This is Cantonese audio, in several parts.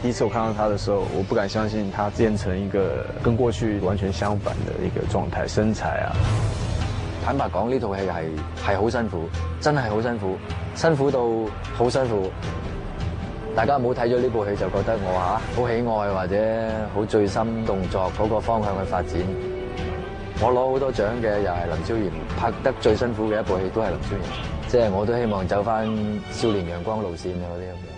第一次我看到他的時候，我不敢相信他變成一個跟過去完全相反的一個狀態，身材啊，坦白講呢套戲係係好辛苦，真係好辛苦，辛苦到好辛苦。大家唔好睇咗呢部戲就覺得我啊好喜愛或者好醉心動作嗰、那個方向去發展。我攞好多獎嘅又係林超賢拍得最辛苦嘅一部戲都係林超賢，即、就、係、是、我都希望走翻少年陽光路線啊啲咁。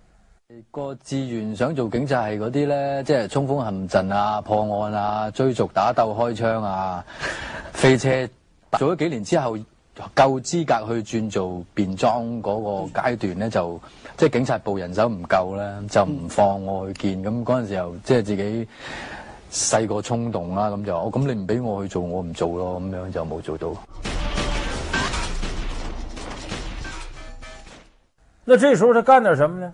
個志願想做警察係嗰啲咧，即係衝鋒陷陣啊、破案啊、追逐打鬥、開槍啊、 飛車。做咗幾年之後，夠資格去轉做便裝嗰個階段咧，就即係警察部人手唔夠啦，就唔放我去見。咁嗰陣時候，即係自己細個衝動啦，咁就哦，咁你唔俾我去做，我唔做咯，咁樣就冇做到。那這時候他幹點什麼呢？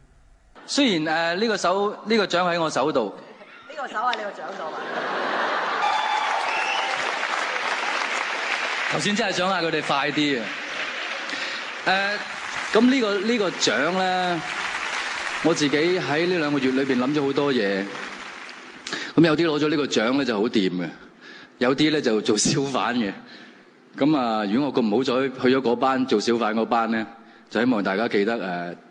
雖然誒呢個手呢個獎喺我手度，呢個手係你個獎座嘛。頭先真係想嗌佢哋快啲啊！誒，咁呢個呢個獎咧，我自己喺呢兩個月裏邊諗咗好多嘢。咁有啲攞咗呢個獎咧就好掂嘅，有啲咧就做小販嘅。咁啊，如果我咁唔好彩去咗嗰班做小販嗰班咧，就希望大家記得誒。